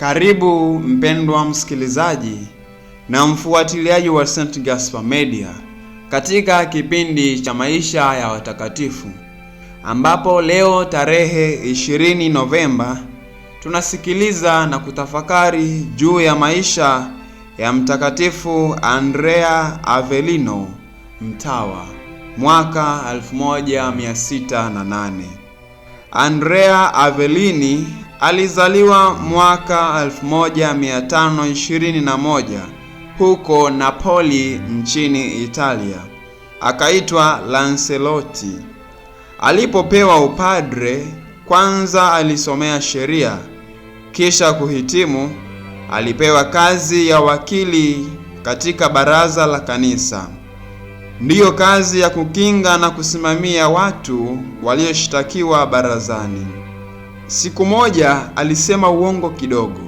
Karibu mpendwa msikilizaji na mfuatiliaji wa St. Gaspar Media katika kipindi cha maisha ya watakatifu, ambapo leo tarehe 20 Novemba tunasikiliza na kutafakari juu ya maisha ya Mtakatifu Andrea Avelino mtawa mwaka 1608. Andrea Avelini Alizaliwa mwaka 1521 huko Napoli nchini Italia. Akaitwa Lancelotti. Alipopewa upadre, kwanza alisomea sheria, kisha kuhitimu, alipewa kazi ya wakili katika baraza la kanisa. Ndiyo kazi ya kukinga na kusimamia watu walioshtakiwa barazani. Siku moja alisema uongo kidogo.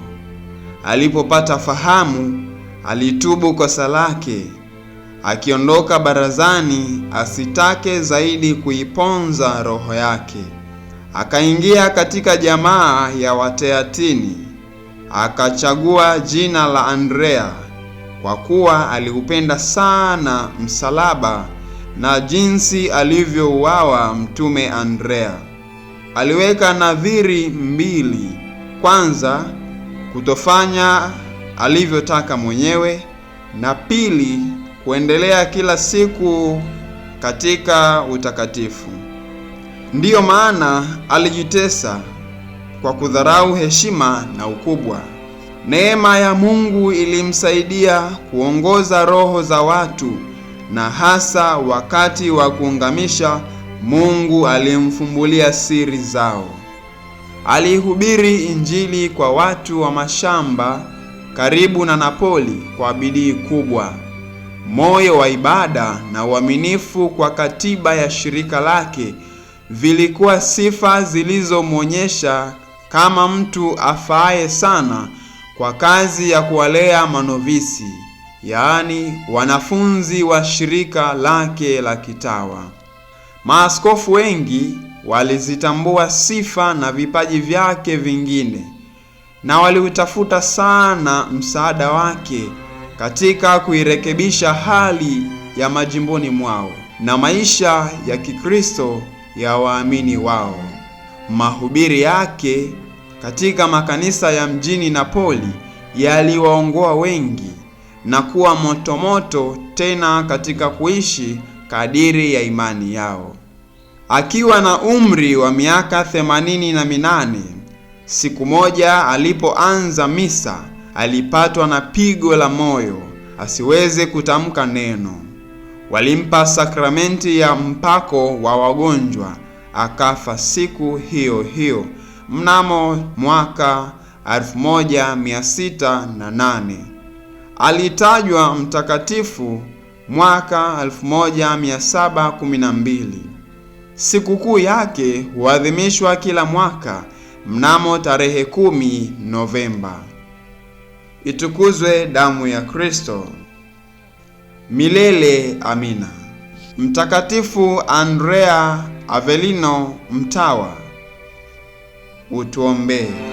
Alipopata fahamu, alitubu kosa lake, akiondoka barazani asitake zaidi kuiponza roho yake. Akaingia katika jamaa ya Wateatini, akachagua jina la Andrea kwa kuwa aliupenda sana msalaba na jinsi alivyouawa Mtume Andrea aliweka nadhiri mbili. Kwanza, kutofanya alivyotaka mwenyewe, na pili, kuendelea kila siku katika utakatifu. Ndiyo maana alijitesa kwa kudharau heshima na ukubwa. Neema ya Mungu ilimsaidia kuongoza roho za watu na hasa wakati wa kuungamisha Mungu alimfumbulia siri zao. Alihubiri Injili kwa watu wa mashamba karibu na Napoli kwa bidii kubwa, moyo wa ibada na uaminifu kwa katiba ya shirika lake vilikuwa sifa zilizomwonyesha kama mtu afaaye sana kwa kazi ya kuwalea manovisi, yaani wanafunzi wa shirika lake la kitawa. Maaskofu wengi walizitambua sifa na vipaji vyake vingine na waliutafuta sana msaada wake katika kuirekebisha hali ya majimboni mwao na maisha ya Kikristo ya waamini wao. Mahubiri yake katika makanisa ya mjini Napoli yaliwaongoa wengi na kuwa motomoto tena katika kuishi kadiri ya imani yao. Akiwa na umri wa miaka themanini na minane, siku moja alipoanza misa alipatwa na pigo la moyo asiweze kutamka neno. Walimpa sakramenti ya mpako wa wagonjwa, akafa siku hiyo hiyo mnamo mwaka 1608. Alitajwa mtakatifu mwaka 1712. Sikukuu yake huadhimishwa kila mwaka mnamo tarehe kumi Novemba. Itukuzwe damu ya Kristo! Milele amina. Mtakatifu Andrea Avelino, mtawa, utuombee.